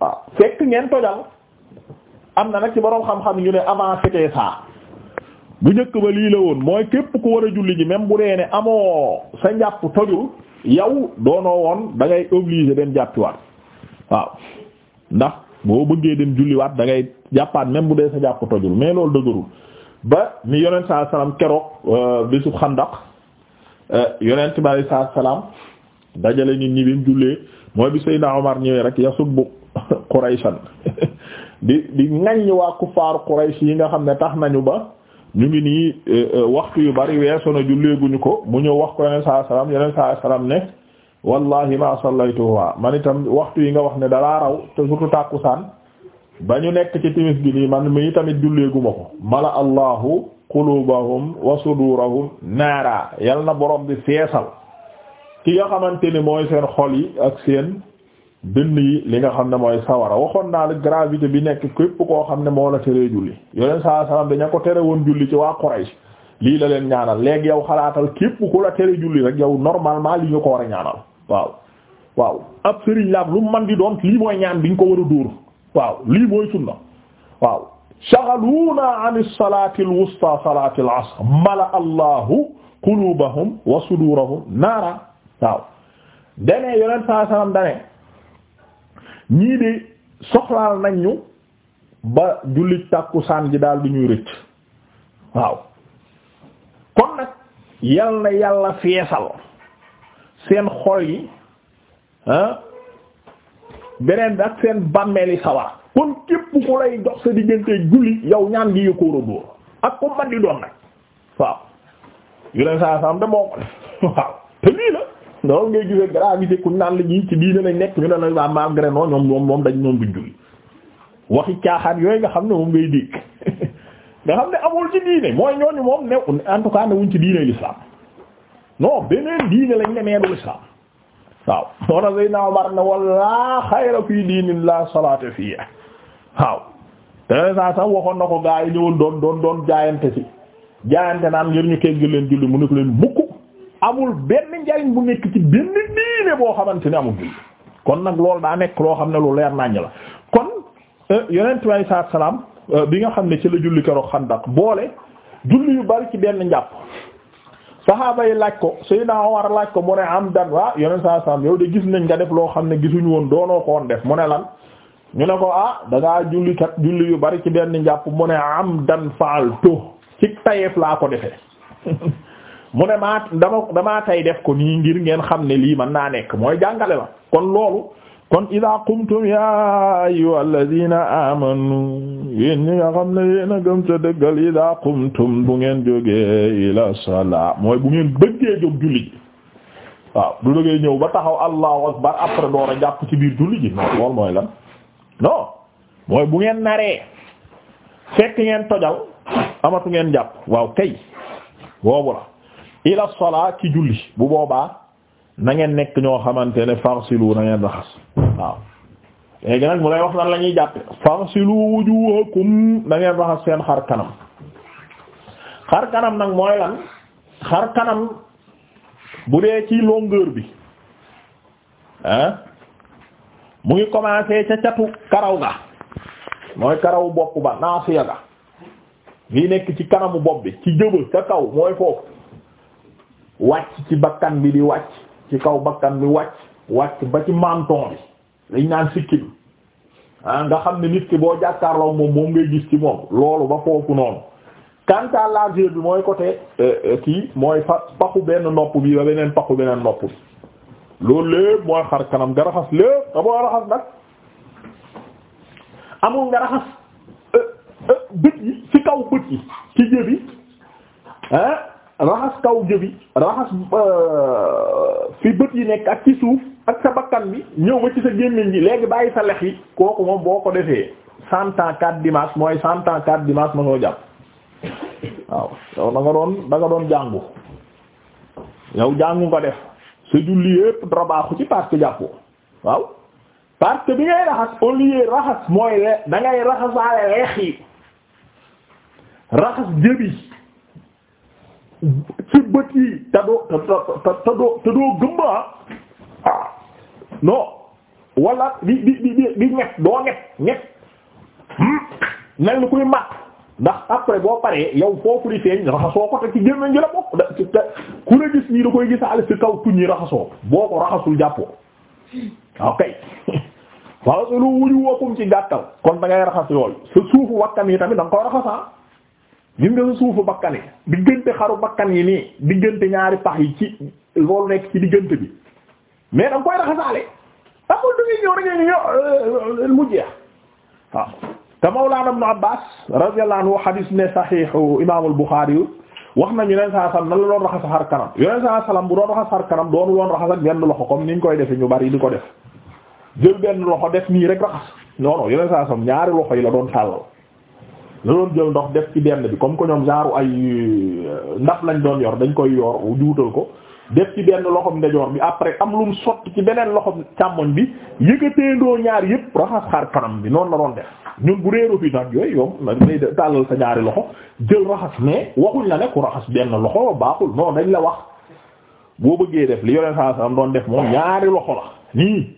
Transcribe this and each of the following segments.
waaw fekk ngeen tojal am na nag ci boroom xam-xam ñu ne avant c'était ça bu njëkk ba lii la woon mooy képp ku war a julli ji même bu dee ne amoo sa njàpp tojul yow doonoo woon da ngay obligé dem jàppiwaat waaw ndax boo bëggee dem julliwaat da ngay jàppaat même bu dee sa njàpp tojul mais loolu dëgërul ba ni yonent saa salaam keroog euh, bisu xandak euh, yonent bi saa salaam dajale nit ñi bi mu jullee mooy bi Seydina Omar ñëwee rek yasubbu Qurayshan di di ŋaññi waa kuffaaru Quraysh yi nga xam ne tax nañu ba ñu ngi nii e, e, waxtu yu bari weesoo na julleeguñu ko mu ñëw wax ko yeneen saa salaam yeneen saa salaam ne wallahi ma sallaytuha man itam waxtu yi nga wax ne dalaa raw te surtout saan ba ñu nekk ci timis gi nii man mii tamit julleeguma ko mala allahu qulubahum wa sudurahum naara yal na borom bi feesal ki nga xamante ni mooy seen xol yi ak seen dënn yi li nga xam ne mooy sawara waxoon naa la gravité bi nekk képp koo xam ne moo la teree julli yoneen saa salaam daña ko tere woon julli ci waa Quraysh lii la leen ñaanal léegi yow xalaatal képp ku la tere julli rek yow normalement li nga ko war a ñaanal waaw waaw ab sëriñ laab lu man di doon lii mooy ñaan bi nga ko war a dóor waaw lii mooy sunna waaw shaghaluuna an as-salaati al-wusta salaati mala allahu quluubahum wa suduurahum naara waaw dane yoneen saa salaam dane ñii de soxlaal nañ ñu ba julli tàkkusaan gi daal di ñuy rëcc waaw kon nag yal na yàlla feesal seen xool yi ah beneen ak seen bàmmeeli sawar kon képp ku lay dox sa diggante julli yow ñaan gi yëkkoor a ak ko man di doon nag waaw yu leen saa saam de moo ko waaw te lii la loolu ngay gisee gravité kuñ naan la ñii ci diine lañ nekk ñu ne la waa malgré non ñoom moom moom dañ ñoom duñ julli waxi caaxaan yooyu nga xam ne moom ngay dégg nga xam ne amul ci diine mooy ñooñu moom new en tout cas newuñ ci diine l'islam non beneen diine lañ ne meedu l'islam waaw moo na say naaw mar ne wala xayra fii diinin la salaata fii waaw te saa sax waxoon na ko gaa yi ñëwul doon doon doon jaayante si jaayante naan ngir ñu tegg amul benn njariñ bu nekk ci benn diine boo xamante ne amul bi kon nag loolu daa nekk loo xam ne lu leer naññ la kon euh, yonent bi alayhi salaam euh, bi nga xam ne ci la julli boole julli yu bari ci benn njàpp saxaaba yi laaj ko Seydina Omar laaj ko mu am dan waa ah, yonent saa yow de gis nañ nga loo xam ne gisuñu woon doonoo ko woon def mu ne lan ñu ne ko ah da ngaa julli yu bari ci benn njàpp mu am dan faal to ci tayeef laa ko defee mu ne maa dama tay def ko ni ngir ngeen xam ne lii mën naa nekk mooy jàngale la kon loolu kon ida qumtum ya ayyuha alladina amanu yéen ñi nga xam ne yéen a gëm ta dëggal ida qumtum bu ngeen jógee ila sala mooy bu ngeen bëggee jóg julli ji waaw du dëggee ñëw ba taxaw allahu akbar après door a jàpp ci biir julli ji non loolu mooy lan non mooy bu ngeen nare fekk ngeen tojal amatu ngeen jàpp waaw kay boobu la ila salaa ci julli bu boobaa na ngeen nekk ñoo xamante ne farsilu na ngeen raxas waaw léegi nag mu lay wax nan la ñuy jàppe farsilu wujuhakum na ngeen raxas seen xar kanam xar kanam nag mooy lan xar kanam bu dee ci longueur bi ah mu ngi commencé ca catu karaw ga mooy karawu bopp ba naasiya ga lii nekk ci kanamu bopp bi ci jëba ca kaw mooy foofu wàcc ci bakkan bi di wàcc ci kaw bakkan bi wàcc wàcc ba ci menton bi liñ naan sikki bi ah, nga xam ne nit ki boo jàkkaarloo moom moom ngay gis ci moom loolu ba foofu noonu quant à bi mooy côté euh, euh, kii mooy fa paxu benn nopp bi ba beneen paxu beneen nopp bi loolu lépp mooy xar kanam nga raxas lépp te boo raxas nag amul nga raxas euh, bët yi ci kaw bët yi ci jëbi ah raxas kaw jëbi raxas euh, fi bët yi nekk ak ci suuf ak sa bakkan bi ñëw ba ci sa gémmiñ ji léegi bàyyi sa lex yi kooku moom boo ko defee cent ans quatre dimanche mooy cent ans quatre dimanche ma soo jàpp waaw yow da nga doon da nga doon jàngu yow jàngu nga def sa julli yépp dara baaxu ci parce que jàppoo waaw parce que bi ngay raxas au raxas mooy le da ngay raxasaale yi raxas jëbi ci bët yi te doo te te doo te doo gëmm ah non wala di di di di di ñett doo ñett ñett hmm, mel mat ndax après boo paree yow foofu di feeñ raxasoo ko te ci gémmiñ gi la bokk da ci te ku la gis nii da koy gisaale ci kaw tuñ raxasoo boo ko raxasul jàppoo ok waaw solo wuju wokum ci gàttal kon da ngay raxas yooyu sa suufu wakkam yi tamit da nga koy raxasaa ah. gis nga sa suufu bakkan yi diggante xaru bakkan yi nii diggante ñaari pax yi ci loolu nekk ci diggante bi mais danga koy raxasaale amul du ñuy ñëw rek ñu ñëw euh, mu jeex waaw te Mawlana Ibn Abbas radiyallahu anhu hadith ne saxiixu imaamul Buxaari wax nañu ne saa sallam la doon raxas xar kanam yoneen saa sallam bu doon raxas xar kanam doonu doon raxas ak benn loxo comme niñ koy defe ñu bari di ko def jël benn loxo def nii rek raxas non non yoneen saa ñaari loxo yi la doon tàllal la doon jël ndox def ci benn bi comme que ñoom genre ay euh, ndaf lañ doon yor dañ koy yor juutal ko def ci benn loxom ndejoor bi après am lu mu sotti ci beneen loxom càmmoñ bi yëkkateendoo ñaar yëpp raxas xar kanam bi noonu la doon def ñun bu réero fi nag yooyu yow nag day ñaari loxo jël raxas ne ku benn loxo baaxul non dañ la wax boo bëggee def li yoneen saa salam doon def moom ñaari loxo la nii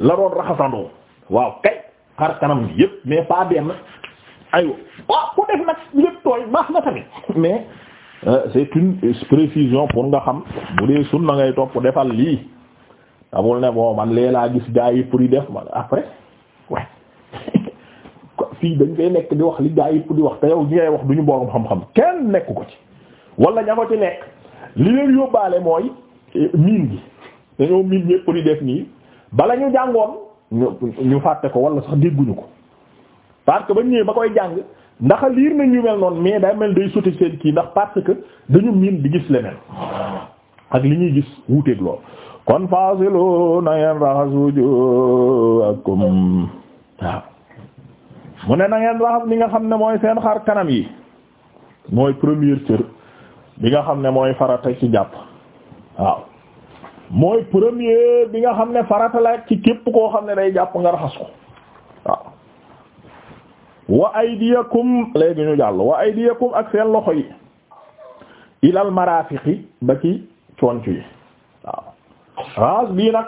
la doon raxasandoo waaw kay xar kanam bi yëpp mais pas benn ay waaw ku def nag lépp tooy baax na tamit mais euh, c'est une précision pour nga xam bu dee sunna ngay topp defal lii amul ne bon man lee laa gis gaa yi pour yi def man après waaye fii dañ fay nekk di wax li gaa yi pour di wax te yow ñi ngay wax duñu borom xam-xam kenn nekku ko ci wala ña ko ci nekk li leen yóbbaale mooy eh, miin gi dañoo miin ñépp di def nii bala ñu jàngoon ñu ñu fàtte ko wala sax dégguñu ko parce que ba ñëwee ba koy jàng ndaxa liir nañ ñu mel noonu mais day mel day suti seen kii ndax parce que dañu miin di gis leneen ak li ñuy gis wuuteeg lool kon faasilu na ngeen raxas mu ne na ngeen raxas li nga xam ne mooy seen xar kanam yi mooy première cër bi nga xam ne mooy farata ci jàpp waaw mooy première bi nga xam ne farata la ci képp koo xam ne day jàpp nga raxas ko wa aydiyakum léegi ñu jàll wa aydiyakum ak seen loxo yi ilal marafiqi ba ci concu yi waaw raas bii nag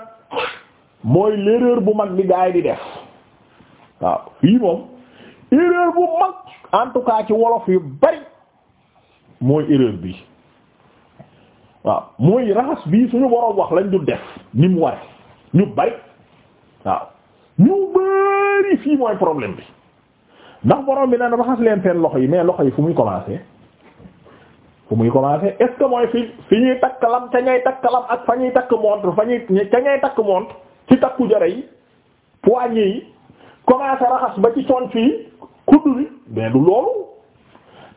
mooy l'erreur bu mag bi gaay di def waaw fii moom erreur bu mag en tout cas ci wolof yu bari mooy erreur bi waaw mooy raxas bii suñu boroom wax lañ du def ni mu ñu bari waaw ñu bari fii mooy problème bi ndax borom bi na raxas leen seen loxo yi mais loxo yi fu muy commencer fu muy commencer est mooy fi fi ñuy takk lam ca ñay takk lam ak fa ñuy takk montre fa ñuy ca ñay takk montre ci takku jara yi poignée yi commencer raxas ba ci conc yi kudd bi mais du loolu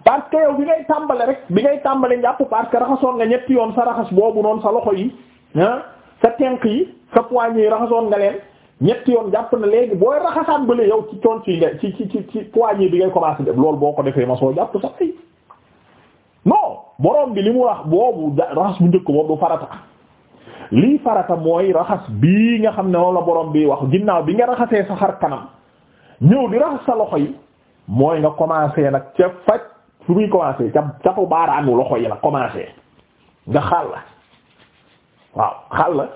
parce que yow bi ngay tàmbale rek bi ngay tàmbale njàpp parce que raxasoon nga ñetti yoon sa raxas boobu noonu sa loxo yi sa tenk yi sa poignée yi raxasoon nga leen ñetti yoon jàpp na léegi booy raxasaat bële yow ci coon ci nga ci ci ci ci poignée bi ngay commencé def loolu boo ko defee ma soo jàpp sax ay non borom bi li mu wax boobu raxas bu njëkk boobu du farata lii farata mooy raxas bi nga xam ne loolu la borom bi wax ginnaaw bi nga raxasee sa xar kanam ñëw di raxas sa loxo yi mooy nga commencé nag ca faj fu muy commencé ca cafu loxo yi la commencé nga xàll waaw xàll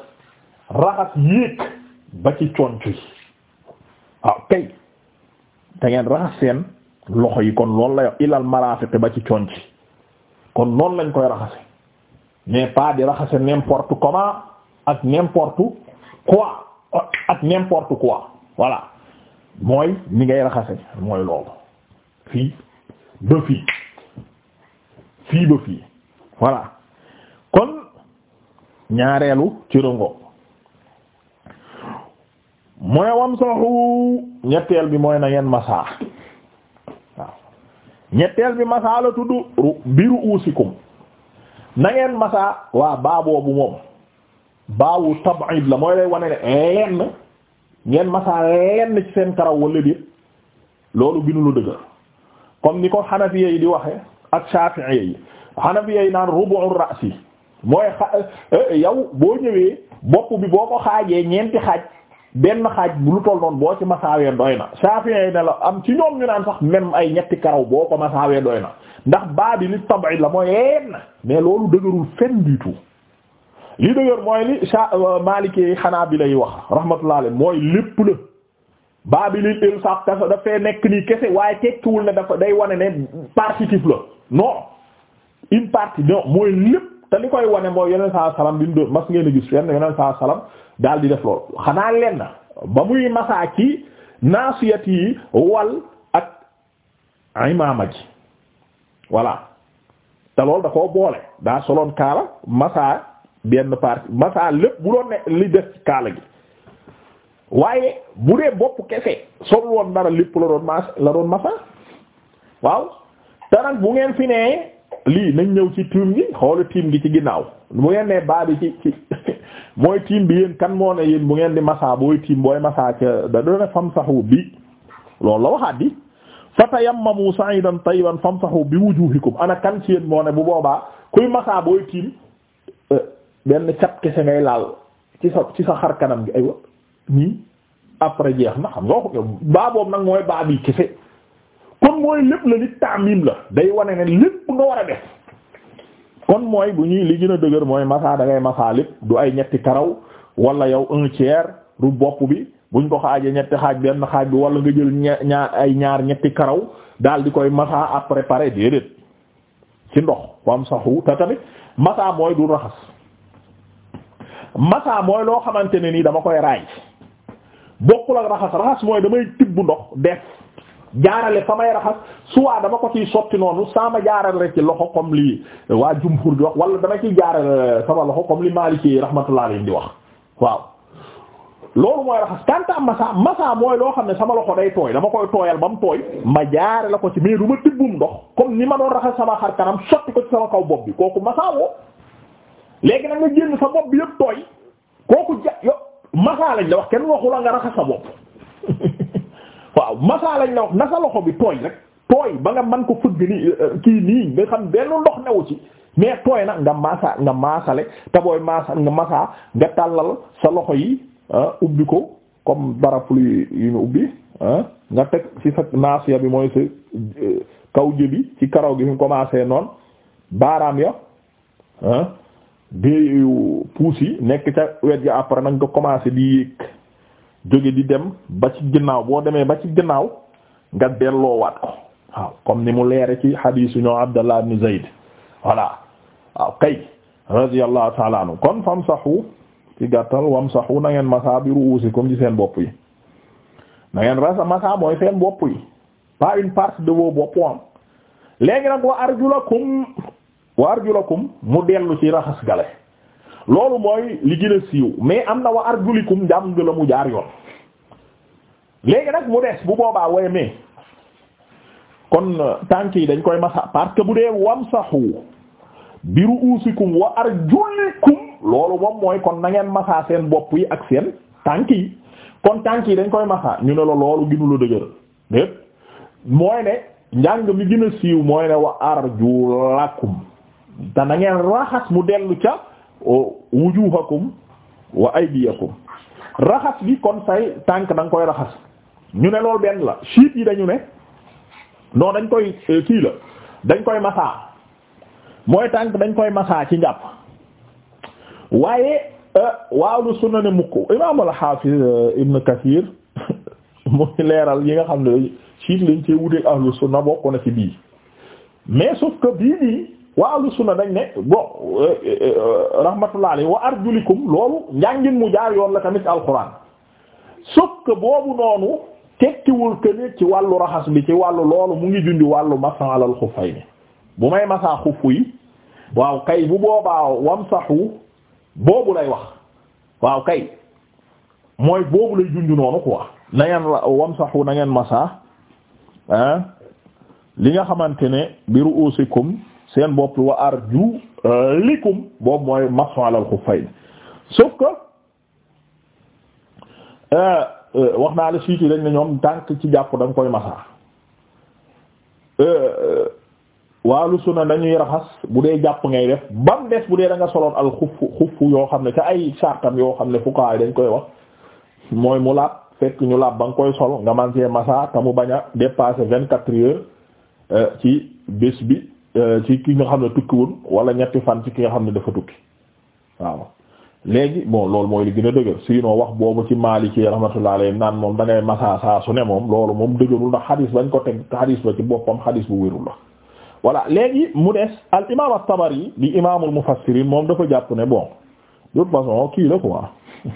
raxas yéeg ba ci conc yi waaw kay da ngeen raxas seen loxo yi kon loolu la yo ilal marafiq ba ci conc kon noonu lañ koy raxase mais pas di raxase n'importe comment ak n'importe quoi ak n'importe quoi voilà mooy ni ngay raxase mooy loolu fii ba fii fii ba fii voilà kon ñaareelu ci rongo mu ne wamsahu ñetteel bi mooy na ngeen masaa waaw ñetteel bi masaa la tudd bi ru'usikum na ngeen masaa waa baa boobu moom baawu tab'id la mooy lay wane lenn ngeen masaa lenn ci seen karaw wala déet loolu ginu lu dëgër comme ni ko xanafiya yi di waxe ak shafi'iyya yi xanafiya yi naan rubu'u ra'si mooy xa eh, eh, yow boo ñëwee bopp bi boo ko xaajee ñeenti xaaj benn xaaj bu lu toll noonu boo ci masaawee doy na Shafi'i ne la am ci ñoom ñu naan sax même ay ñetti karaw boo ko masaawee doy na ndax baa bi li tab'i la mooy mais loolu dëgërul fenn du tout li dëgër mooy xanaa bi lay wax rahmatullah alayhi mooy lépp la baa bi li ilsaq dafay nekk nii kese waaye tekkiwul ne dafa day wane ne partitif la non une partie non mooy lépp. te li koy wane mooy yeneen saa salaam bi mu doon mas ngeen a gis fenn yeneen saa salaam daal di def lool xanaa lenn ba muy masaa ci naasiyat yi wal ak imaama ji voilà te loolu da koo boole daa soloon kaala masaa benn partie masaa lépp bu doon li def ci kaala gi waaye bu dee bopp kese sol woon dara lépp la doon mas waaw te nag bu ngeen fi nee. lii nañ ñëw ci tiim gi xoolu tiim gi ci ginnaaw bu ngeen ne baa ci mooy tiim bi yéen kan moo ne yéen bu ngeen di massa booy tiim booy massa ca da doone famsahu bi loolu la waxaat di fa tayammamu sa'idan tayyiban saxu bi mu wujuhikum ana kan ci yéen moo ne bu boobaa kuy massa booy tiim euh, benn cat kese ngay laal ci sa ci sa xar kanam gi aywa nii après jeex na xam nga ko baa boobu nag mooy baa bi kese kon mooy lépp la li taamim la day wane ne lépp nga war a def kon mooy bu ñuy li gën a dëgër mooy masaa da masaa lépp du ay ñetti karaw wala yow un tiers ru bopp bi buñ ko xaajee ñetti xaaj benn xaaj bi wala nga jël ñaar ay ñaar ñetti karaw daal di koy masaa après pare déedéet ci ndox wam saxu te tamit masaa mooy du raxas masaa mooy loo xamante ne nii dama koy raay bokkul ak raxas raxas mooy damay tibb ndox def jaarale samay may su soit dama ko ciy sotti noonu saa ma jaarale rek ci loxo comme li waa jumhur di wax wala dama ciy jaarale sama loxo comme li Maliki rahmatullah alayhi di wax waaw. loolu mooy raxas kanta masa masa mooy loo xam ne sama loxo day tooy dama koy tooyal ba mu tooy ma jaare la ko ci mais du ma tibbum ndox comme ni ma doon raxas sama xar kanam sotti ko ci sama kaw bopp bi kooku masa woo léegi nag ma génn sa bopp bi yëpp tooy kooku ja yo masa lañ wax kenn waxu nga raxas sa waaw masa lañ la wax na sa loxo bi tooy rek tooy ba nga man ko fëgg ni euh, euh, kii nii nga xam benn ndox newu ci mais tooy na nga masa nga maasale nga masa nga tàllal sa loxo yi ah, ubbi ko comme parapluie yu ñu ubbi ah, nga teg si sa naasiya bi mooy sa euh, kaw jëbi ci karaw gi fi mu commencé noonu baaraam ya ah puus yi nekk ca wet ga après nañ ko commencé di yéeg jóge di dem ba ci ginnaaw boo demee ba ci ginnaaw nga delloowaat ko waaw comme ni mu leere ci hadiisu ñoo Abdallah ibn Zayd voilà waaw kay radiyallahu ta'ala anhu kon famsahu ci gàttal wamsahu na ngeen masaa bi ru'usikum ci seen bopp yi na ngeen rasa masaa mooy seen bopp yi pas une partie de vos bopp am léegi nag wa arjulakum wa arjulakum mu dellu ci raxas gale loolu mooy li gën a siiw mais am na wa arjulikum njàm la mu jaar yoon léegi nag mu des bu boobaa woye mais kon euh, tànk yi dañ koy masa parce que bu dee wamsahu bi ru'usikum wa arjulikum loolu moom mooy kon na ngeen masa seen bopp yi ak seen tànk yi kon tànk yi dañ koy masa ñu ne la loolu gënu la dëgër dépp mooy ne njàng mi gën a siiw mooy ne wa arjulakum te na ngeen raxas mu dellu ca o wujuhakum wa aydiyakum raxas bi kon say tànk da koy raxas ñu ne loolu benn la siit yi dañu ne non dañ koy euh, kii la dañ koy masaa mooy tànk dañ koy masaa ci njàpp waaye euh, waaw lu sunna ne mukk imaam al-Hafiz euh, Ibn Kathir muy leeral yi nga xam ne siit lañ cee wuteek ahlu sunna bokk na ci bii mais sauf que bii nii waa ahlu sunna dañ ne bon euh, euh, euh, rahmatullah alayhi wa arjulikum loolu njàngin mu jaar yoon la tamit alquran sauf que boobu noonu tekkiwul këne ci wàllu raxas bi ci wàllu loolu mu ngi jundi wàllu masaa alal xuffay ni bu may masaa xuffu yi waaw kay bu boobaa wamsaxu boobu lay wax waaw kay mooy boobu lay junj noonu quoi nangeen ngeen wamsaxu na ngeen li nga xamante ne bi ru'usikum seen bopp wa arju euh, likum boobu mooy mason alal xuffayn sauf que euh, euh, wax naa la siiti dañ ne ñoom tànk ci jàpp da nga koy masa waalu suna dañuy raxas bu dee jàpp ngay def bam des bu dee da soloon al xuf xuf yoo xam ne te ay sartam yoo xam ne fukaay dañ koy wax mooy mu laab fekk ñu laab ba nga koy sol nga man see te mu bañ a dépasser vingt-quatre heures ci bis bi Euh, ci ki nga xam ne tukki wul wala ñetti fan ci ki nga xam ne dafa tukki waaw léegi boo loolu mooy li gën a dëgër sinon wax boobu ci Maalik rahmatullahi alayhi naan moom da ngay masa saa su ne moom loolu moom dëgërul ndax xadis bañ ko teg xadis ba ci boppam xadis bu wérul la voilà léegi mu des al imam at-Tabari di imaamul mufassirin moom dafa jàpp ne bon de toute façon kii la quoi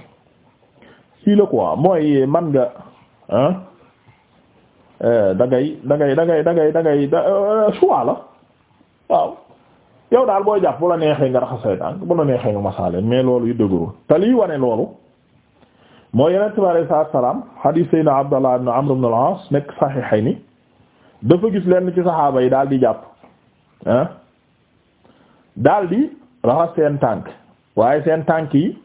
kii la quoi mooy man nga ah da ngay da da ngay da euh, waaw yow daal booy jàpp bu la neexee nga raxas say tànk bu la neexee nga masaale mais loolu yu dëgërul te lii wane loolu mooy yeneen bi alei salatua salam hadith sayna Abdallah ibn Amr ibn al-As nekk Sahihayni dafa gis lenn ci saxaaba yi daal di jàpp ah di raxas seen tànk waaye seen tànk yi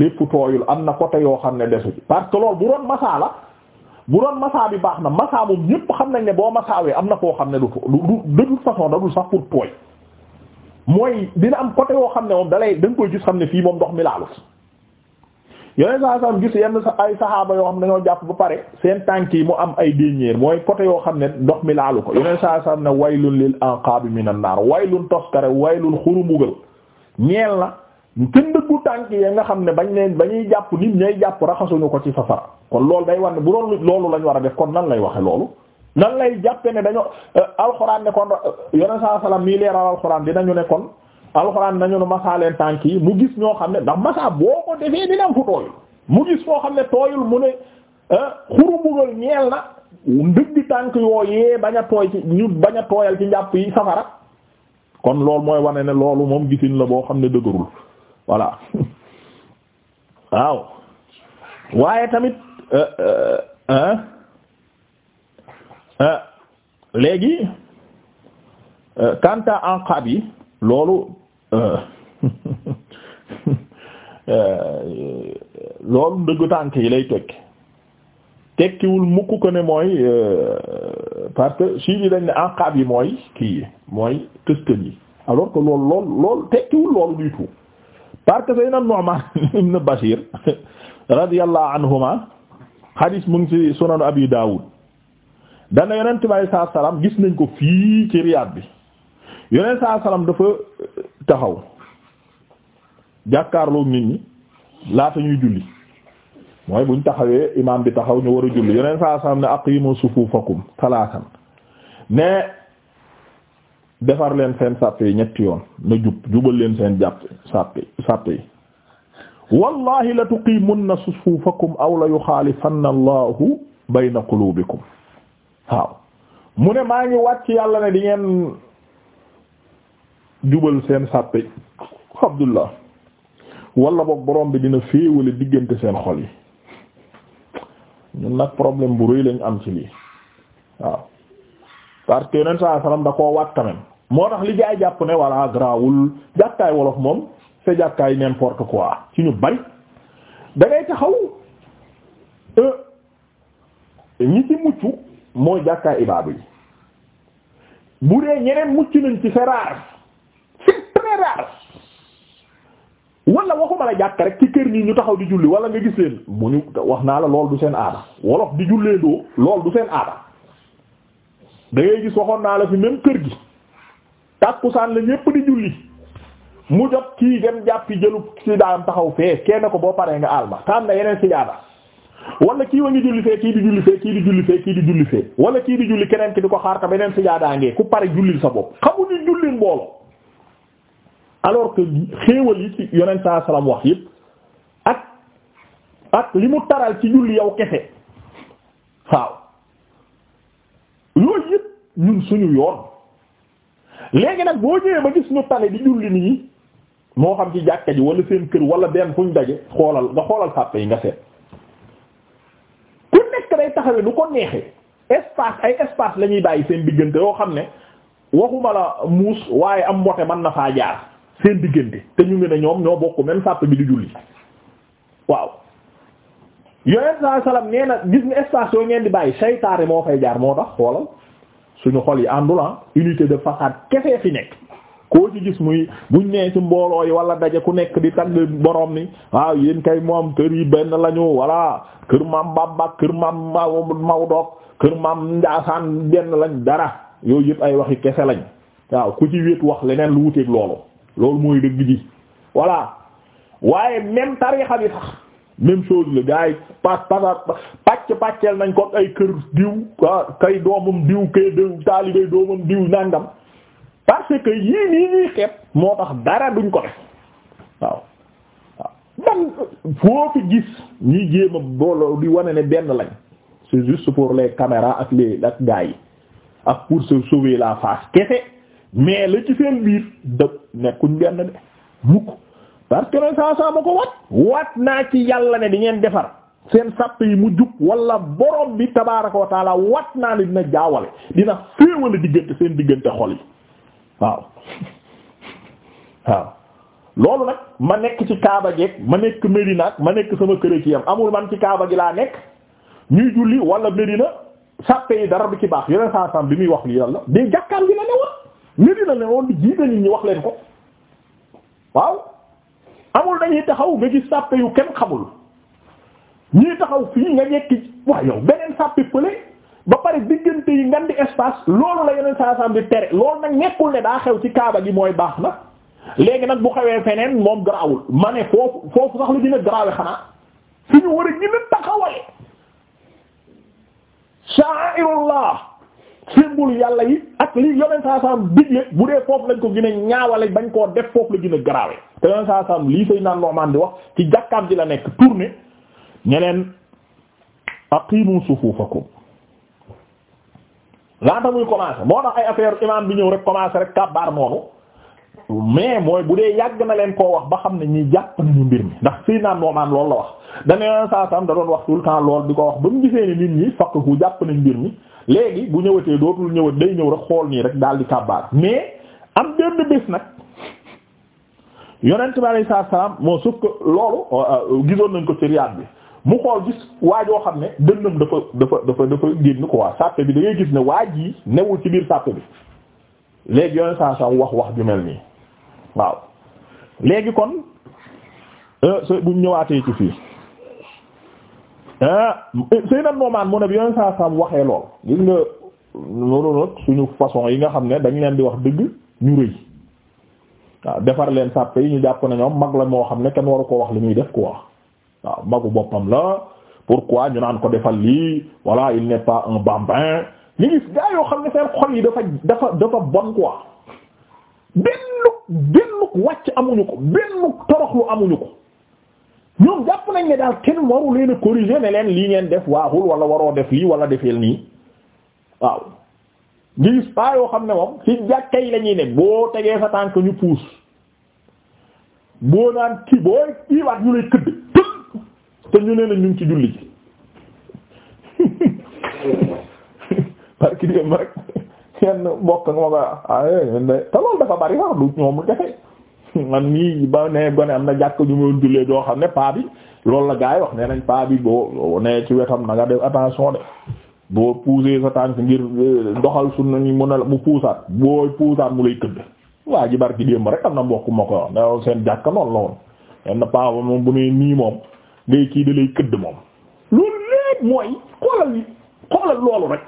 lépp tooyul am na côté yoo xam ne desu ci parce que loolu bu doon masaala bu doon masaa bi baax na masaa moom ñépp xam nañ ne boo masaawee am na koo xam ne du du de toute façon da dul sax pour tooy mooy dina am côté yoo xam ne moom dalay da nga koy gis xam ne fii moom ndox mi laalut yeneen saa sam yenn ay saxaaba yoo xam ne dañoo jàpp ba pare seen yi mu am ay déñeer mooy côté yoo xam ne ndox mi laalu ko yeneen saa sam ne waylun lil anqabi minan naar waylun toskare waylun xurumugal ñeel na kenn dëggu tànk yi nga xam ne bañ leen bañuy jàpp nit ñay jàpp raxasuñu ko ci safara kon loolu day war ne bu doon loolu lañ war a def nan lay waxe loolu nan lay jàppe ne dañoo euh, alxuraan ne kon euh, yoneen saa salaam nii leeral alxuraan dinañu ne kon alxuraan nañu ne masaaleen tànk yi mu gis ñoo xam ne ndax masaa boo ko defee dina mu gis xam ne tooyul mu ne euh, xuru bugal ñeel na ndëgg tànk yooyee bañ a tooy ci ñu bañ a tooyal ci njàpp yi safara kon loolu mooy wane ne loolu moom gisin la boo xam ne dëgërul voilà waaw waaye tamit euh, euh, euh, léegi kanta anqab yi loolu loolu ndëgg tànk yi lay tekki tekkiwul mukk ko ne mooy parce que si bi dañ ne anqab yi mooy kii mooy këstën yi alors que loolu lool loolu tekkiwul loolu du tout parce que Seydina Nu'man ibn Bashir radiyallahu anhuma hadis mu ngi ci sunan Abi Dawud dana yonent bi saa salaam gis nañ ko fii ci Riyad bi yonent saa salaam dafa euh, taxaw jàkkaarloo nit ñi laata ñuy julli mooy buñ taxawee imaam bi taxaw ñu war a julli yeneen saa salaam ne aqimu sufufakum talatan ne defar leen seen sàppe yi ñetti yoon na jub jubal leen seen jàpp sàppe yi wallahi la tuqiimunna sufuufakum aw la yuxaalifanna allahu bayna quluubikum waaw mu ne maa ngi wàcc yàlla ne di ngeen jubal seen sàppe yi abdullah wala boog borom bi dina féewale diggante seen xol yi ñu nag problème bu rëy lañ am ci lii waaw parce que yeneen saa salaam da koo waat quand moo tax li jaay jàpp ne walla grawul jàkkaay wolof moom c'est jàkkaay n'importe quoi ci ñu bari da taxaw euh, ñi ci mucc mooy jàkkaay ibaadu yi bu dee ñeneen mucc nañ ci c'est rare c'est très rare wala waxuma la jàkk rek ci kër ñi ñu taxaw di julli wala nga gis leen mu ñu wax naa la lool du seen aada wolof di jullee doo lool du seen aada da ngay gis waxoon naa la fi même kër gi tàkkusaan la ñépp di julli mu jot kii dem jàpp jëlu si daam taxaw fee kenn ko boo paree nga alma te am na yeneen si daaba wala kii wa ngi julli fee kii di julli fee kii di julli fee kii di julli fee wala kii di julli keneen ki di ko xaar te beneen sujaadaa ngee ku pare jullil sa bopp xamuñu julli mbooloo alors que xéewal yi ci yonent saa salaam wax yëpp ak ak li mu taral ci julli yow kese waaw yooyu yëpp ñun suñu yoon léegi nag boo ñëwee ba gis ñu tane di julli nii moo xam ci jàkka ji wala seen kër wala benn ñu daje xoolal nga xoolal sàppe yi nga seet ku nekk day taxawee nu ko neexee espace ay espace lañuy ñuy bàyyi seen diggante yoo xam ne waxuma la muus waaye am mbote mën na faa jaar seen diggante te ñu ngi ne ñoom ñoo bokk même sàpp bi di julli waaw yonent saa salaam nee na gis nga espace yooyu ngeen di bàyyi saytaare moo fay jaar moo tax xoolal suñu xol yi àndulan ah, unité de façade kese fi nekk koo ci gis muy buñ nee ci mbooloo yi wala daje ku nekk di tagg borom ni waaw ah, yéen kay moom kër yi benn lañu walla kër maam Bamba kër maam Maodo kër maam Ndiassane benn lañ dara yooyu yëpp ay waxi kese lañ waaw ku ci wéet wax leneen lu wuteeg loolu loolu mooy dëgg ji voilà waaye même tariixa bi sax même chose la gars yi pa pàcc pàcceel nañ ko ay kër diw kay doomam diw kay diw taalibay doomam diw nangam parce que yii nii ñuy xeeb moo tax dara duñ ko def waaw waaw man foo gis ñuy jéem a booloo di wane ne benn lañ c'est juste pour les caméras ak les ak gars yi ak pour se sauver la face kese mais la ci seen biir dëkk nekkuñ benn de mukk parce que ren saa saa ko wat wat naa ci yàlla ne di ngeen defar seen sàpp yi mu jub wala borom bi tabaaraka wa wat naa ne dina jaawale dina féewale diggante seen diggante xol yi waaw waaw loolu nag ma nekk ci kaaba geek ma nekk Medina ak ma nekk sama kër ci yam amul man ci kaaba gi laa nekk ñuy julli wala Medina sàppe yi dara du ci baax yeneen saa saa bi muy wax li yàlla de jàkkaar gi la ne woon Medina ne woon di jiite nit ñi wax leen ko waaw amul dañuy taxaw nga gis sàppe yu kenn xamul ñuy taxaw fii nga yekki waaye yow beneen sàppe pële ba pare diggante yi ngan di espace loolu la yeneen saa sam di tere loolu nag nekkul ne daa xew ci kaaba gi mooy baax na léegi nag bu xewee feneen moom garaawul ma ne foofu foofu sax lu dina garaawe xanaa fi ñu war a gën a taxawale sha'irullah symbole yàlla yi ak li yoneen saa saam digle bu dee foofu lañ ko gën a ñaawale bañ koo def foofu la gën a garaawe te yoneen saa saam lii say naan Nu'man di wax ci jàkkaam ji la nekk tourné ñeneen aqimu sufufakum laata muy commencé moo tax ay affaire imam bi ñëw rek commencé rek kabaar noonu mais mooy bu dee yàgg na leen koo wax ba xam ne ñi jàpp nañu mbir mi ndax fii naan noomaan loolu la wax dane yoon saa sam da doon wax tout le temps lool di ko wax ba mu gisee ne nit ñi faqahu jàpp nañ mbir mi léegi bu ñëwatee dootul ñëwat day ñëw rek xool nii rek daal di kàbbaar mais am benn bés nag yonent bi saa salaam moo suuf ko loolu euh, gisoon nañ ko ci riyaad bi mu xool gis waajoo xam ne dënnam dafa dafa dafa dafa génn quoi sàppe bi da ngay gis ne waaj yi newul ci biir sàppe bi léegi yonent wax wax ju mel nii waaw léegi kon euh, so buñ ñëwaatee ci fii euh, Seydina Nu'man mu ne bi yoon saa saam waxee lool gis nga loolu suñu façon yi nga xam ne dañ leen di wax dëgg ñu rëy waaw defar leen sàppe yi ñu jàpp nañoom mag la moo xam ne kenn waru koo wax lu ñuy def quoi waaw magu boppam la pourquoi ñu naan ko defal lii voilà il n'est pas un bambin ñu gis gaa yoo xam ne seen xol yi dafa dafa dafa bon quoi bennuk bennuk wàcc amuñu ko bennuk toroxlu amuñu ko ñoom jàpp nañ ne daal kenn waru leen a corriger ne leen lii ngeen def waaxul wala waroo def lii wala defeel nii waaw ngi gis pas yoo xam ne moom ci jàkka yi la ñuy ne boo tegee sa tànk ñu puus boo naan kii boo kiiwaat ñu lay këdd te ñu ne la ngi ci julli ji parce que kenn mbokk nga ma ah eh, eh, eh, te loolu dafa bari wax du ñoom mu jafe man mii ba nee gone am na jàkk ñu ma jullee doo xam ne paa bi loolu la gaa yi wax nee nañ paa bi boo nee ci wetam na nga def attention de boo poussé sa tànk ngir doxal sunna ñu mën a mu puusaat booy puusaat mu lay këdd waa ji barki démb rek am na mbokk ko wax ne seen jàkk noonu la woon yenn paa moom bu nee nii moom ngay kii da lay këdd moom loolu lépp mooy xoolal xoolal loolu rek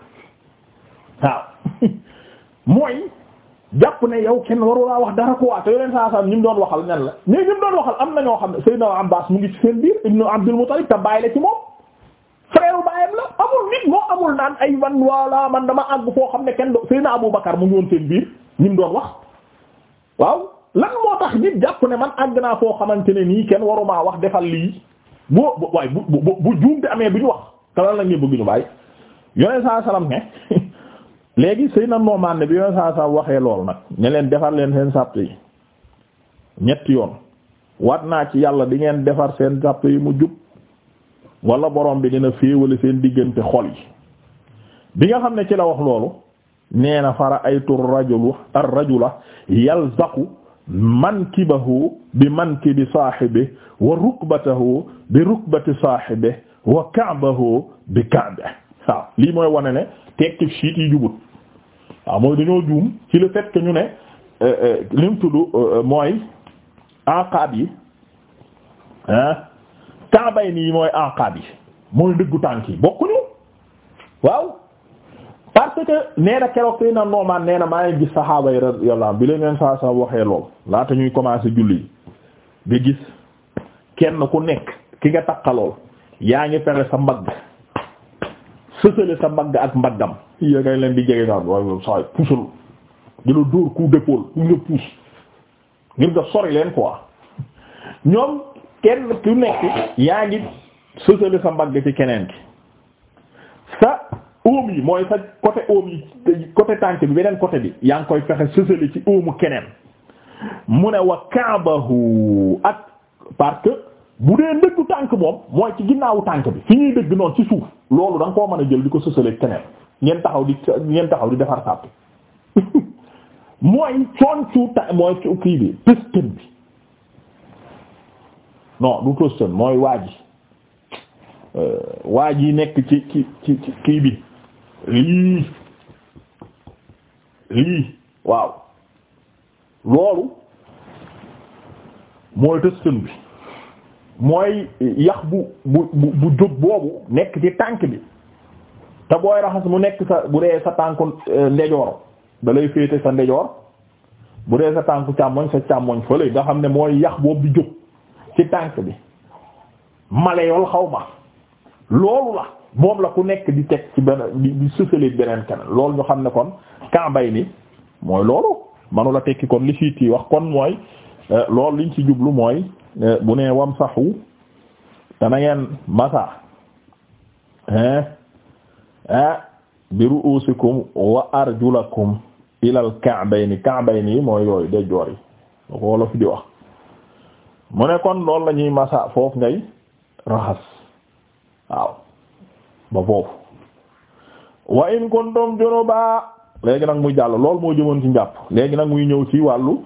mooy jàpp ne yow kenn warulaa wax dara quoi te yeneen saa saam ñi doon waxal ñan la mais ñi doon waxal am na ñoo xam ne Seydina Abbas mu ngi ci seen biir Ibnu Abdul Muttalib te bàyyi la ci moom frère baayam la amul nit moo amul naan ay wan wala man dama àgg foo xam ne kenn do Seydina Abu Bakar mu ngi woon seen biir ñi mu doon wax waaw lan moo tax nit jàpp ne man àgg naa foo xamante ne nii kenn warumaa wax defal lii boo waaye bu bu bu juumte amee bu ñu wax te la ñuy bëgg ñu léegi sëy na noomaan ne bi yoon saa saa waxee loolu nag ne defar leen seen sàpp yi ñetti yoon war naa ci yàlla di ngeen defar seen sàpp yi mu jub wala borom bi dina féewale seen diggante xol yi bi nga xam ne ci la wax loolu nee na fara aytu rajulu ar rajula yalzaqu mankibahu bi mankibi saahibi wa rukbatahu bi rukbati saahibi wa ka'bahu bi ka'bi waaw lii mooy wane ne tekki siit yi jubut waaw mooy dañoo juum ci le fait que ñu ne euh, euh, li mu tudd euh, mooy anqaab yi tàmbay nii mooy anqaab yi mooy dëggu tànk yi bokkuñu waaw parce que nee na keroog fii na noomaan nee na maa ngi gis saxaaba yi radiyallahu anhum bi leen leen saa saa laata ñuy commencé julli yi nga gis kenn ku nekk ki nga takkalool yaa ngi pere sa mbagg sësale sa mbagg ak mbaggam ya ngay leen di jege nga waaye saay puusal di la dóor coup d'épaule pour nga puus ngir nga sori leen quoi ñoom kenn ku nekk yaa ngi sësale sa mbagg ci keneen ki sa óom yi mooy sa côté óom yi côté tànk bi beneen côté bi yaa ngi koy fexe sësale ci óomu keneen mu ne wa kaabahu ak parce bu dee ndëggu tànk moom mooy ci ginnaawu tànk bi fi ñuy dëgg noonu ci suuf loolu da nga koo mën a jël di ko sësaleeg keneen ngeen taxaw di ngeen taxaw di defar sàpp mooy cooncu ta mooy kii bi pëstën bi non du pëstën mooy waaj yi euh, nekk ci ci ci kii bi lii lii waaw loolu mooy pëstën bi mooy yax bu bu bu jóg boobu nekk ci tànk bi te booy raxas mu nekk sa bu dee sa tànku euh, ndejoor dalay lay féete sa ndejoor bu dee sa tànku càmmoñ sa càmmoñ fële nga xam ne mooy yax boobu bi jóg ci tànk bi male yoon xaw ma loolu la moom la ku nekk di teg ci beneen di sësalit beneen keneen loolu ñu xam ne kon kambay ni mooy loolu manu la tekki kon li siit yi wax kon mooy euh, loolu liñ ci jublu mooy bu nee wam saxu te na ngeen masa hein ah bi ru'usikum wa arjulakum ilal ka'bayni ka'bayni mooy yooyu de joor yi lu ko wolof di wax mu ne kon loolu la ñuy masa ngay raxas waaw ba foofu wa in kuntum junuba léegi nag muy jàll lool moo jëmoon ci njàpp léegi nag muy ñëw ci wàllu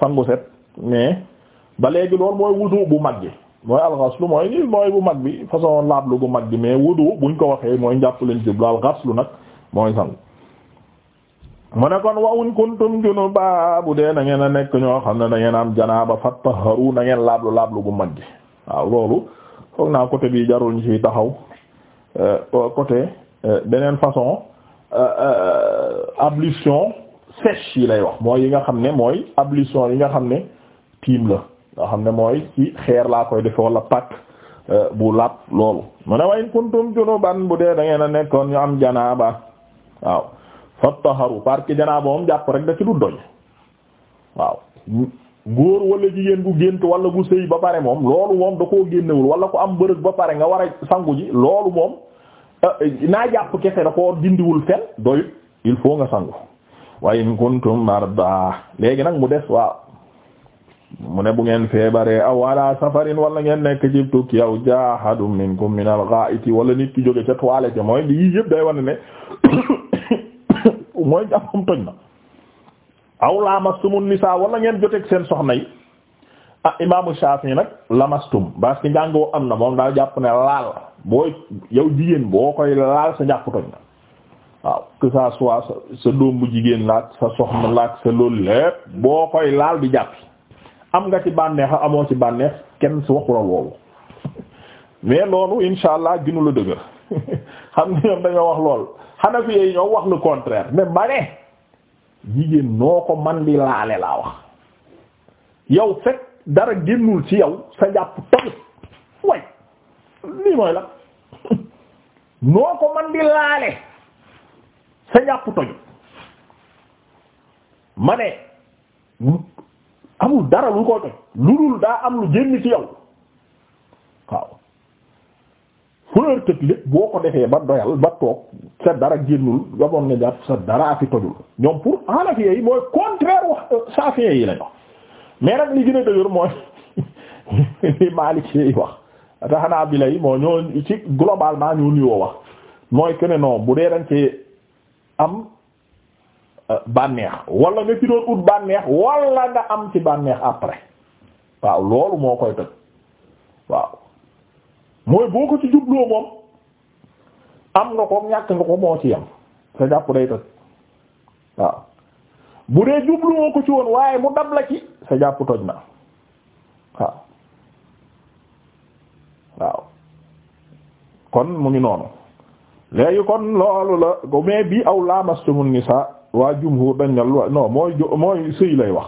sangu set mais ba léegi loolu mooy wudu bu mag bi mooy alxaslu mooy nii mooy bu mag bi façon laablu bu mag bi mais wudu buñ ko waxee mooy njàpp lañ jublu alxaslu nag mooy sangu mu ne kon wa in kuntum junuba bu dee na ngeen a nekk ñoo xam ne da ngeen am janaaba fattaharu na ngeen laablu laablu bu mag bi waaw loolu foog naa côté bi jarul ñu ci taxaw euh, euh, coté euh, beneen façon ablution sèche yi lay wax mooy yi nga xam ne mooy ablution yi nga xam ne tiim la nga xam ne mooy ci xeer laa koy defe wala pak euh, bu lap loolu mu ne wayn kuntum junuban bu dee da ngeen a nekkoon ñu am janaaba waaw fattaharu parce que janaaba moom jàpp rek da ci du doy waaw góor wala jigéen gu gént wala gu sëy ba pare moom loolu moom da koo génnewul wala ku am bërëg ba pare nga war a sangu ji loolu moom euh, naa jàpp kese da koo dindiwul fen doyut il faut nga sangu wayn kuntum baa léegi nag mu des waaw mu ne bu ngeen feebaree aw ala safarin wala ngeen nekk ci tukki aw jahadu minkum min al-gha'iti wala nit ki jóge ca toilette mooy yii yëpp day wane ne mooy jàppam toj na aw lamastumun wala ngeen joteeg seen soxna yi ah imaamu Shafi nag lamastum parce que njàngoo am na moom daal jàpp ne laal booy yow jigéen boo koy laal sa njàpp toj na waaw que ça soit sa doom bu jigéen laak sa soxna laak sa loolu lépp boo koy laal di jàppi am nga ci bànneex amoo ci bànneex kenn si waxu woowu mais loolu insha allah ginu la dëgër xam nga ñoom dañoo wax lool Hanafi yi ñoo ma laa wax yow fekk dara génnul ci yow sa jàpp tamit way lii mooy la noo ko man di laale sa jàpp toju ma ne amul dara lu ko toj lu dul daa am lu génn ci yow waaw fleur tëj lépp boo ko defee ba doyal ba toog sa dara génnul gamoon ne jàpp sa dara fi tojul ñoom pour hanafiya yi mooy contraire wax euh, safiya yi lañu mais nag li gën a dëgër mooy li Maliki yi wax te xanaa bi lay moo ñoo ci globalement ñoo nuyoo wax mooy que ne bu dee dañ ci am Euh, bànneex walla nga ci doon ut bànneex wala nga am ci bànneex après waaw loolu moo koy tëj waaw mooy boo ko ci jubloo moom am nga ko ñàkk nga ko moo ci yem sa jàpp day tëj waaw bu dee jubluwoo ko ci woon waaye mu dab la ci sa jàpp toj na waaw waaw kon mu ngi noonu léegi kon loolu la mais bi aw lamastumun nisa waa jumhur dañ ne non mooy mooy sëy lay wax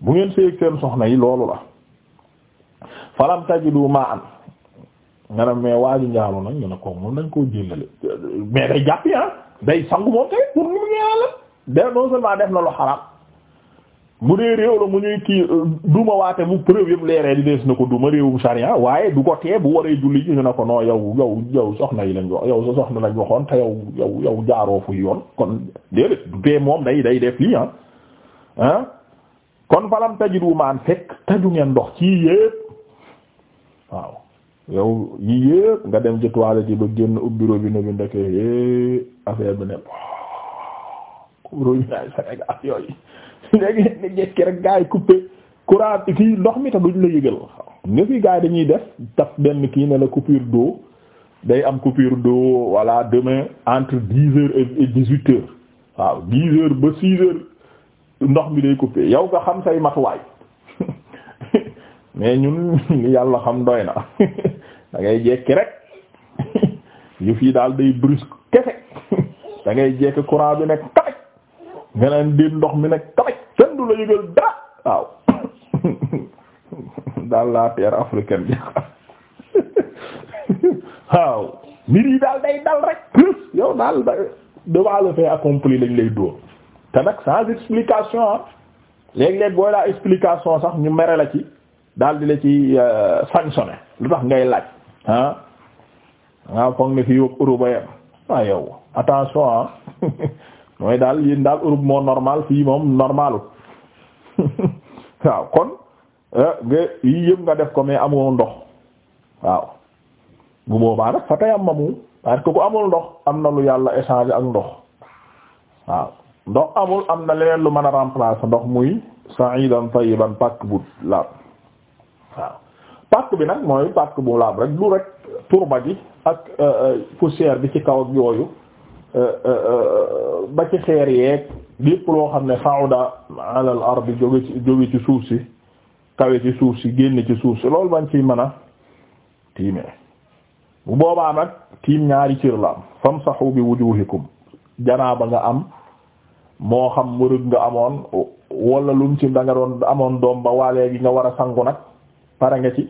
bu ngeen sëyeek seen soxna yi loolu la falam du ma an nga mais waa ji njaalo nag ñu ne ko moom dañ koo jëlale mais day jàppi ah day sangu moom tey pour mu ñëwaat la de non seulement def na lu bu dee réew la mu ñuy kii euh, duma waate bu preuve yëpp leeree di dees na ko duma réewum sharia waaye du ko tee bu waree julli ñu ne ko non yow yow yow soxna yi lañ wax yow sa soxna lañ waxoon te yow yow yow jaaroo fu yoon kon déedéet du tee moom day day def lii ah, ah. kon falam tajidu maan fekk taju ngeen dox ci yépp waaw yow yi nga dem ci toilette yi ba génn ubbi robinet bi ndeke eh, affaire bi ne robinet Sénégal yooyu léegi nga jekki rek gaa yi coupé courant kii ndox mi te duñ la yëgal nga fi gaa yi dañuy def taf benn kii ne la coupure d'eau day am coupure d'eau walla demain entre dix heures et dix-huit heures waaw dix heures ba six heures ndox mi day coupé yow nga xam say matuwaay mais ñun yàlla xam doy na dangay ngay jekki rek yëf yi daal day brusque kese da ngay courant bi nekk nga naan diin ndox mi nag tamit bi waaw mbir dal rek yow daal da devant fait accompli lañ lay dóor te nag sans explication ah léeg booy laa explication sax ñu mere la ci daal di la ci euh, sanctionné lu tax ngay laaj ah foog ne fii wëpp Europe yam waaw ah, attention ah. mooy daal yéen daal Europe moo normal fii moom normalu waaw kon eh, nga yii yëpp nga def ko mais amoo ndox waaw bu boobaa nag fa tey am mamu parce que ku amul ndox am na lu yàlla échanger ak ndox waaw ndox amul am na leneen lu mën a remplacer ndox muy sa'idan tayyiban pàkk bu laab waaw pàkk bi nag mooy pàkk bu laab rek lu rek turba ak eh, eh, poussière bi ci kaw ak yooyu Euh, euh, euh, ba ci xeer yeeg lépp loo xam ne sauda ala al ard jóge ci jóge ci suuf si kawe ci suuf si génn ci suuf si loolu bañ ciy mën a tiimee boobaa nag tiim ñaari cir la am famsahu bi wujuhikum janaaba nga am moo xam mërëg nga amoon wala lum ci da nga doon amoon doom ba waalee gi nga war a sangu nag pare nga ci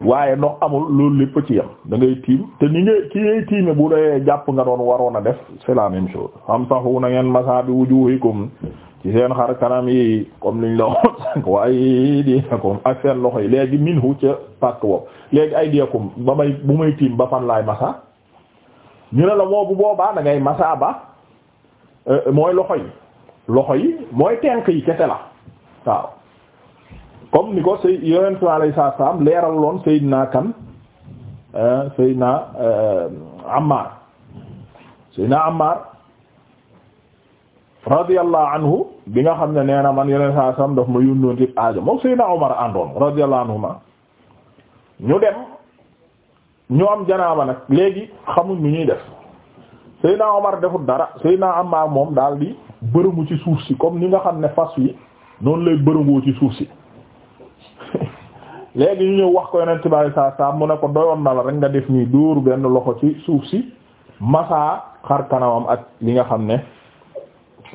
waaye ndox amul loolu lépp ci yam da ngay tiim te ni ngay ki ngay tiime bu dee jàpp nga doon waroon a def c'est la même chose am taxu na ngeen masaa bi wujuhikum ci seen xar kanam yi comme niñ la wax waaye diakum ak seen loxo yi léegi minhu ca pàkk boobu léegi ay diakum ba may bu may tiim ba fan laay masa ñu ne la boobu boobaa dangay ngay masa ba euh, mooy loxo yi loxo yi mooy tenk yi kese la waaw comme ni ko say yonent bi alayhi salaam leeral loon Seydina kan euh, Seydina euh, Ammar Seydina Ammar radiyallahu anhu bi nga xam ne nee man yonent saa sam daf ma yónnoon ci aajo moom Seydina Omar àndoon radiyallahu anhuma ñu dem ñu am janaaba nag léegi xamuñ nu ñuy def na Omar defut dara Seydina Ammar moom daal di bërëmu ci suuf si comme ni nga xam ne fas wi noonu lay bërëngoo ci suuf si. léegi ñu ñëw wax ko yonent bi alayhi salaatu salaam mu ne ko doyoon na la rek nga def nii dóor benn loxo ci suuf si masaa xar kanamam ak li nga xam ne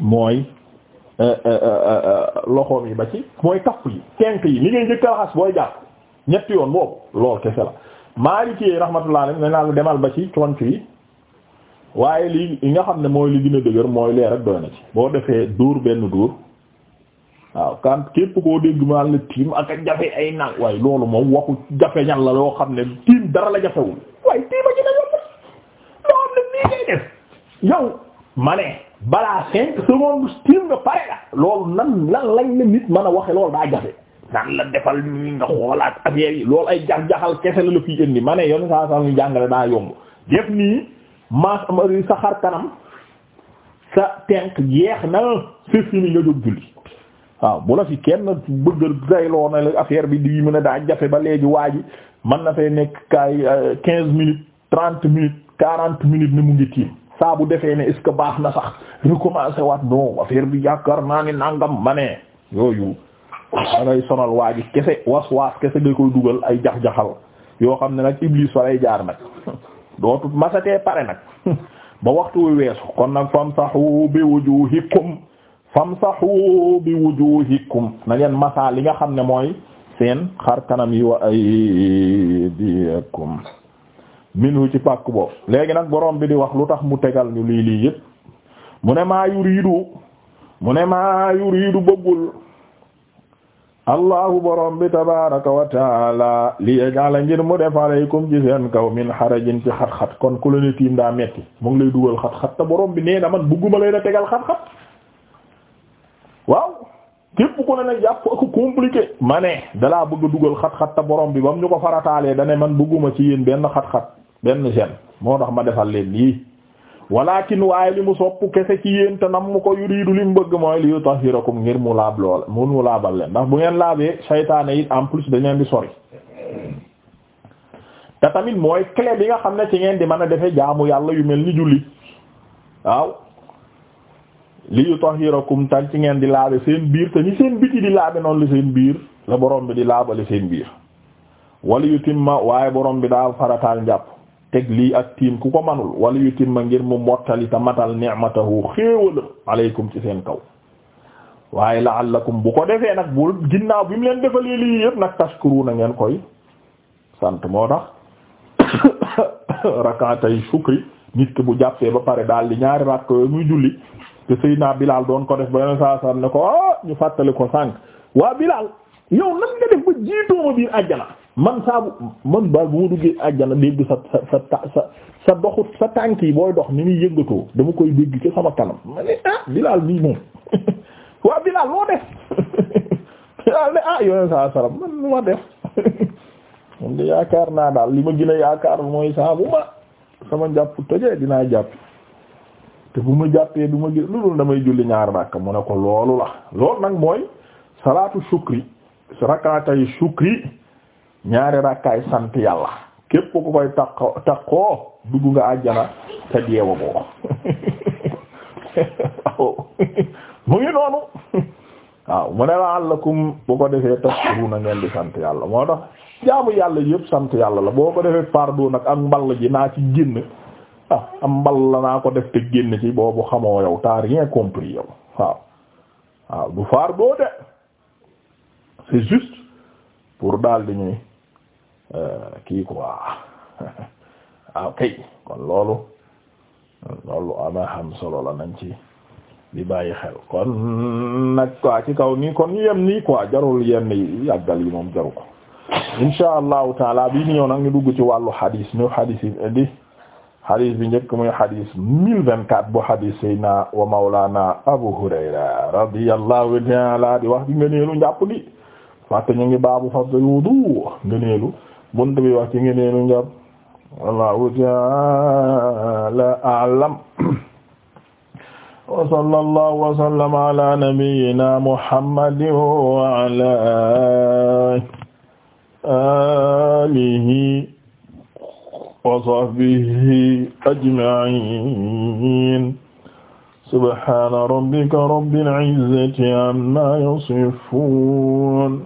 mooy euh, euh, euh, loxoom yi ba ci mooy kapp yi tenk yi li ngay njëkk raxas booy jàpp ñetti yoon boobu lool kese la Maaliki rahmatullah alayhi ne naa la demal ba ci conc yi waaye lii li nga xam ne mooy li gën a dëgër mooy leer ak doy na ci boo defee dóor benn dóor waaw kant képp koo dégg maa la tiim ak a jafe ay nang waaye loolu moom waxu jafe ñal la loo xam ne tiim dara la jafewul waaye tiima ci la yow ma ne balaa cinq secondes tiim nga lan lañ la mën a waxe loolu daa jafe nan la defal nii nga xoolaat affaire yi loolu ay jax-jaxal kese la la fiy yoon saa saa jàngale daa yomb def nii maas sa kanam tenk yeex na c'est julli waaw bu la fi kenn bëggal gayloo na la affaire bi di mën a daal jafe ba léegi waa ji man na fay nekk kaay euh, quinze minutes trente minutes quarante minutes ni mu ngi tiim saa bu defee ne est-ce que baax na sax recommencer waat non affaire bi yaakaar naa ni nangam ma ne yooyu dangay sonal waa ji kese was waas kese nga koy dugal ay jax-jaxal yoo xam ne nag Iblis fa lay jaar nag dootu masatee pare nag ba waxtu wi weesu kon nag famsahu bi wujuhikum famsahu bi wujuhikum na ngeen masa li nga xam ne mooy seen xar kanam yi wa aydiyakum minhu ci pàkk boobu léegi nag borom bi di wax lu tax mu tegal ñu lii lii yëpp mu ne maa yuridu mu ne maa yuridu bëggul allahu borom bi tabaraka wa taala li yaj'ala ngir mu def alaykum ci seen kaw min harajin ci xat-xat kon ku la ne tiim daa metti mu ngi lay dugal xat-xat te borom bi nee na man bëgguma lay na tegal xat-xat waaw képp ku ne nag jàpp ko compliqué ma ne dalaa bëgg a dugal xat-xat te borom bi ba mu ñu ko farataalee dane man bëgguma ci yéen benn xat-xat benn gen moo tax ma defal leen lii walakin waaye li mu sopp kese ci yéen te nam mu ko yuriidu li mu bëgg mooy li yutahhirakum ngir mu laab lool mun mu laabal leen ndax bu ngeen laabee saytaane it en plus dañ leen di sori te tamit mooy clé bi nga xam ne ci ngeen di mën a defee jaamu yàlla yu mel ni julli li yutahhirakum tan ci ngeen di laabe seen biir te ñi seen biti di laabe noonu la seen biir la borom bi di laabale seen biir wala yutimma waaye borom bi daa farataal njàpp teg lii ak tiim ku ko manul wala yutimma ngir mu mottali te matal ni'matahu xéewala aleykum ci seen kaw waaye la'allakum bu ko defee nag bu ginnaaw bi mu leen defalee lii yëpp nag tashkuruna ngeen koy sant moo tax rak'atay shukri nit ki bu jàppee ba pare daal di ñaari rakk yooyu muy te Seydina Bilal doon ko def ba yeneen saa ne ko ah ñu fàttale ko sànq waa Bilal yow nan nga def ba jiitoo ma biir àjjana man saabu man baal bu ma duggee àjjana dégg sa sa sa sa doxu sa tànk yi booy dox ni muy yëngatoo dama koy dégg ci sama kanam ma ne ah Bilal nii moom waa Bilal loo def Bilal ne ah yeneen saa man lu ma def man de yaakaar naa daal li ma gën a yaakaar mooy saabu ma sama njàpp tojee dinaa jàpp. te bu ma jàppee du ma lu dul damay julli ñaari rakk mu ne ko loolu la loolu nag mooy salaatu shukri rakkaatay shukri ñaari ràkkaay sant yàlla képp ku koy takko takkoo dugg nga àjjana te deewa boo mu ngi noonu waaw mu ne la àllakum bu ko defee na ngeen di sant yàlla moo tax jaamu yàlla yëpp sant yàlla la boo ko defee pardon nag ak mball ji naa ci génn ah am mbal la naa ko def te génn ci boobu xamoo yow t'as rien compris yow waaw waaw ah, du faar boo de c'est juste pour daal di ñuy euh, kii quoi ah, kay kon loolu loolu ama xam solo la nañ ci di bàyyi xel kon nag quoi ci kaw ni kon ñu yem nii quoi jarul yenn yi yàggal yi moom jaru ko insha allahu taala bii ni ñëw nag ñu dugg ci wàllu hadis ñu hadis yi indi xadis bi njëkk muy xadis 1024 bu xadis Seydina wa Mawlana Abu Hurayra radiyallahu ta'ala di wax ci ngëneelu njàpp gi fàtte baabu fadl wudu ngëneelu bunt bi wax ci ngëneelu njàpp wallahu ta'ala a'lam wa sallallahu wa sallama ala nabiyyina Muhammadin wa wa sahbihi ajma'in subhana rabbika rabbil izzati amma yasifun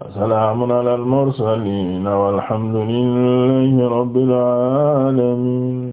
wasalaamun ala al mursalin walhamdulillahi rabbil alamin